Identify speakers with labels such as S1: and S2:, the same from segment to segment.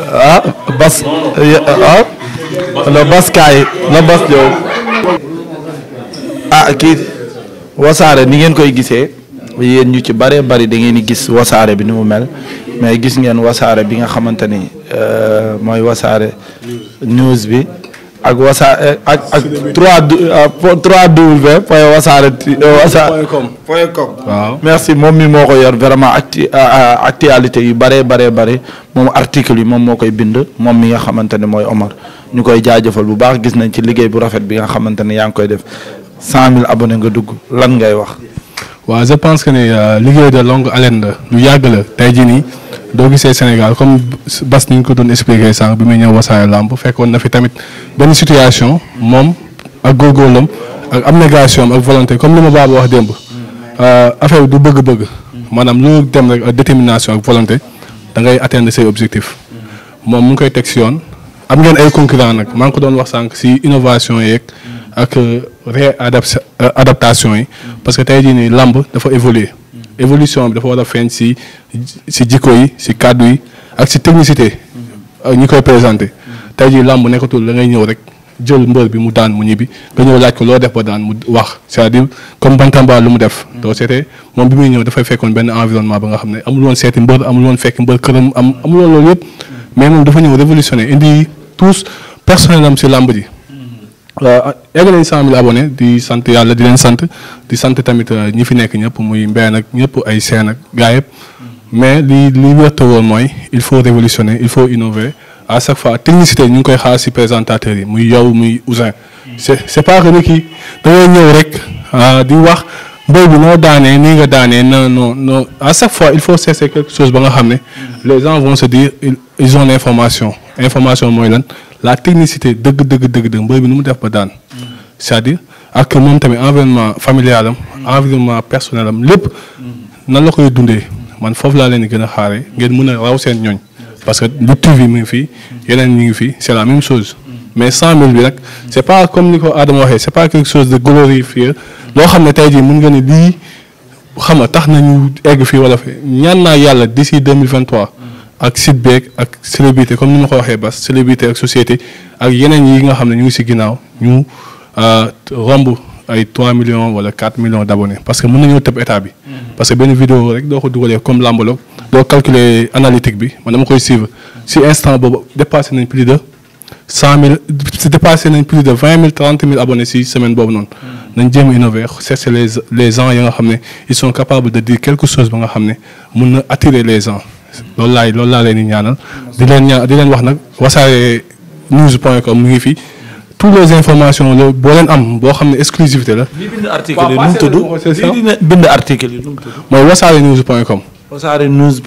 S1: ah Bas ah, ah. no Bas kaay na Bas ñëw ah kii wasaare ni ngeen koy gisee yéen ñu ci bare bari da ngeen di gis wasaare bi ni mu mel mais gis ngeen wasaare bi nga xamante ni euh, mooy wasaare news bi ak wasa ak ak 3 3W euh, point wasaare euh, waaw merci moom mi moo ko yor vraiment acti actualité yu bëree bëree bëri moom article yi moom moo koy bind moom mi nga xamante ne mooy Omar ñu koy jaajëfal bu baax gis nañ ci liggéey bu rafet bi nga
S2: xamante ne yaa ngi koy def 100000 abonnés nga dugg lan ngay wax. waa je pense que ne euh, liggéey de longue haleine la lu yàgg la tey jii nii doo gisee Sénégal comme Bas ni ñu ko doon expliqué sànq bi may ñëw Wassare Lamb fekkoon na fi tamit benn situation moom ak góorgóorlam ak abnégation ak volonté comme li ma baaba wax démb euh, affaire du bëgg-bëgg maanaam lu dem rek détermination ak volonté da ngay atteindre ses objectifs moom mu ngi koy teg si yoon am ngeen ay concurrent nag maa ngi ko doon wax sànq si innovation yeeg ak euh, réadaptation yi parce que tey jii nii làmb dafa évoluer évolution bi dafa war a feeñ si si jikko yi si kàddu yi ak si technicité ak ñi koy présenté tey jii làmb nekkatul da ñëw rek jël mbër bi mu daan mu ñibbi nga ñëw laaj ko loo def ba daan mu wax c'est-à-dire comme Bantamba lu mu def. doo seetee moom bi muy ñëw dafay fekkoon benn environnement ba nga xam ne amuloon woon seeti mbër amul woon fekk mbër këram am amul woon loolu yëpp mais moom dafa ñëw révolutionner indi tous si làmb ji. egg nañ cent mille di sant yàlla di leen sant di sant tamit euh, ñi fi nekk ñëpp muy mbéy nag ñëpp ay seen ak gaa yëpp mm-hmm. mais li li wérte woon mooy il faut révolutionner il faut innover à chaque fois technicité ñu ngi koy xaar si présentateurs yi muy yow muy Ouzin mm-hmm. c'est c'est pas que ni kii da ngay rek ah, di wax mbéy bi noo daanee nii nga daanee na non non à chaque fois il faut cesser quelque chose ba nga xam ne mm-hmm. les gens vont se dire ils information mooy lan la technicité dëgg dëgg dëgg dëgg mbër bi nu mu def ba daan c'est-à-dire ak moom tamit environnement familial am environnement personnel am lépp na la koy dundee man foofu laa leen gën a xaare ngeen mën a raw seen ñooñ parce que lu TV mi ngi fii yeneen ñi ngi fii c'est la même chose mais cent mille bi nag c'est pas comme ni ko Adama waxee c'est pas quelque chose de glorifié loo xam ne tey jii mën nga ne lii xam nga tax nañu egg fii wala fi ñaan naa yàlla d'ici deux mille vingt ak site beeg ak célébrité comme ni ma ko waxee bas célébrité ak société ak yeneen yi nga xam ne ñu ngi si ginnaaw ñu euh, romb ay 3 millions wala 4 millions d' abonnés parce que mën nañoo tëb état bi. Mm-hmm. parce que benn vidéo rek doo ko dugalee comme làmbaloog doo calculer analytique bi man dama koy suivre si instant boobu dépassé nañ plus de 100000 dépassé nañ plus de 20000 30000 abonnés si semaine boobu noonu. Mm-hmm. nañ jéem a innover c'est les les gens xam ne ils les gens. loolu laay loolu laa leen di ñaanal di leen ñaan di leen wax nag wasaare news point com mu ngi fi tous les informations la boo leen am boo xam ne exclusivité la.
S1: lii bind article yi nu mu tudd lii
S2: bind article yi nu mu tudd. point com. wasaare news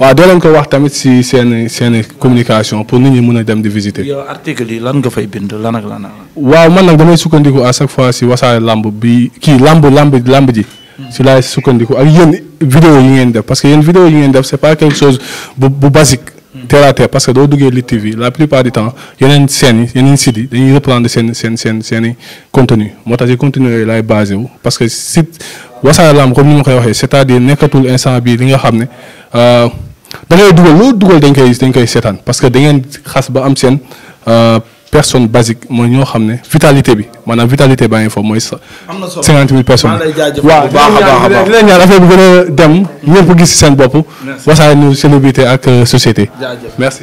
S2: waaw doo leen ko wax tamit si seen seen communication pour nit ñi mën a dem di visiter. yow article yi lan nga fay bind lan ak lan waaw man nag damay sukkandiku a chaque fois si wasaare lamb bi kii lamb lamb lamb ji. si laay sukkandiku ak yéen vidéo yi ngeen def parce que yéen vidéo yi ngeen def c'est pas quelque chose bu bu basique. terre à que doo duggee Lutte TV la plupart du temps yeneen scènes yi yeneen sites dañuy reprendre seen seen seen seen i contenu moo tax si contenu yooyu laay basé wu parce que comme ni ma koy waxee c'est-à-dire nekkatul instant bii li nga xam ne euh, da ngay dugal loolu dugal dañ koy dañ seetaan parce que da ngeen xas ba am seen. Euh, personne basique mooy ñoo xam ne vitalité bi maanaam vitalité baa ngi foofu mooy. am na solo cinquante mille personnes. waaw bu baax a baax di leen ñaan affaire bi gën a dem. ñëpp gis ci seen bopp. Wassare News célébrité ak euh, société. merci.